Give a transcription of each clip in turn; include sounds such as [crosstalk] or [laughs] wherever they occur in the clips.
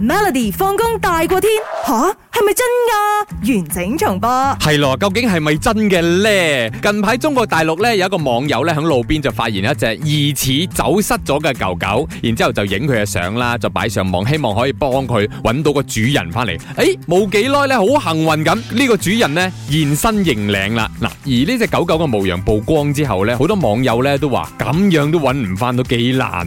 Melody 放工大過天吓，係咪真噶、啊、完整重播係咯？究竟係咪真嘅呢？近排中國大陸咧，有一個網友咧，喺路邊就發現一隻疑似走失咗嘅狗狗，然之後就影佢嘅相啦，就擺上網，希望可以幫佢揾到個主人翻嚟。誒、欸，冇幾耐咧，好幸運咁，呢、這個主人呢，現身認領啦。嗱，而呢隻狗狗嘅模樣曝光之後咧，好多網友咧都話咁樣都揾唔翻都幾難。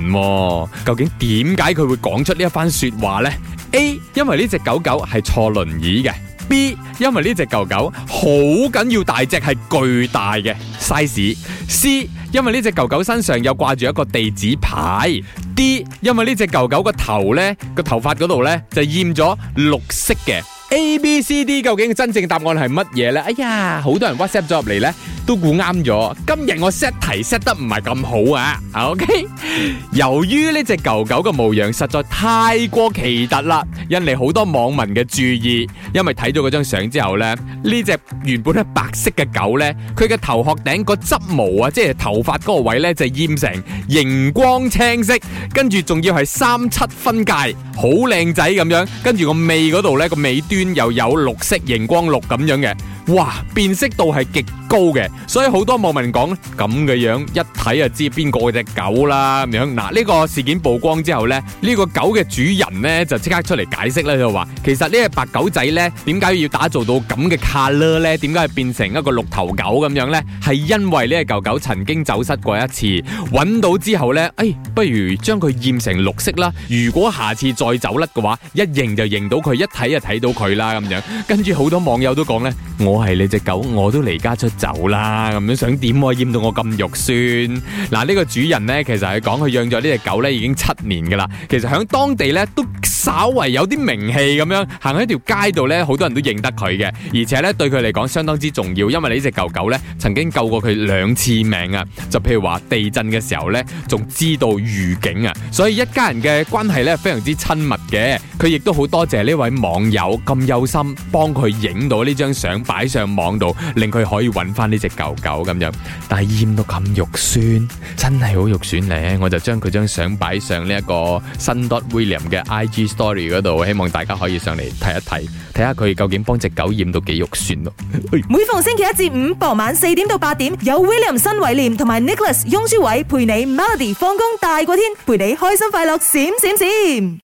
究竟點解佢會講出呢一番說話咧？A，因為呢隻狗狗係坐輪椅嘅；B，因為呢隻狗狗好緊要大隻，係巨大嘅 size；C，因為呢隻狗狗身上有掛住一個地址牌；D，因為呢隻狗狗個頭呢，個頭髮嗰度呢，就染咗綠色嘅。A、B、C、D 究竟真正答案係乜嘢呢？哎呀，好多人 WhatsApp 咗入嚟呢。都估啱咗，今日我 set 題 set 得唔係咁好啊。OK， [laughs] 由於呢隻狗狗嘅模樣實在太過奇特啦，引嚟好多網民嘅注意。因為睇咗嗰張相之後呢，呢隻原本係白色嘅狗呢，佢嘅頭殼頂個執毛啊，即係頭髮嗰個位呢，就染成熒光青色，跟住仲要係三七分界，好靚仔咁樣。跟住個尾嗰度呢，個尾端又有綠色熒光綠咁樣嘅，哇，辨識度係極高嘅，所以好多網民講咧，咁嘅樣一睇就知邊個隻狗啦咁樣。嗱，呢個事件曝光之後呢，呢個狗嘅主人呢，就即刻出嚟解釋啦，就話其實呢個白狗仔呢，點解要打造到咁嘅 colour 咧？點解變成一個綠頭狗咁樣呢？係因為呢個狗狗曾經走失過一次，揾到之後呢，誒，不如將佢染成綠色啦。如果下次再走甩嘅話，一認就認到佢，一睇就睇到佢啦咁樣。跟住好多網友都講呢：「我係你隻狗，我都離家出。走啦！咁樣想、啊、點？我厭到我咁肉酸。嗱、啊，呢、呢個主人呢，其實係講佢養咗呢隻狗呢，已經七年噶啦。其實響當地呢。都。稍微有啲名氣咁樣，行喺條街度咧，好多人都認得佢嘅，而且咧對佢嚟講相當之重要，因為你呢隻狗狗咧曾經救過佢兩次命啊！就譬如話地震嘅時候咧，仲知道預警啊，所以一家人嘅關係咧非常之親密嘅。佢亦都好多謝呢位網友咁有心幫，幫佢影到呢張相擺上網度，令佢可以揾翻呢隻狗狗咁樣。但係厭到咁肉酸，真係好肉酸咧！我就將佢張相擺上呢一個新德威廉嘅 I。G Story 嗰度，希望大家可以上嚟睇一睇，睇下佢究竟幫隻狗染到幾肉酸咯。 [laughs] 每逢星期一至五傍晚四點到八點，有 William 新偉廉同埋 Nicholas 翁舒偉陪你 Melody 放工大過天，陪你開心快樂閃閃閃，閃閃閃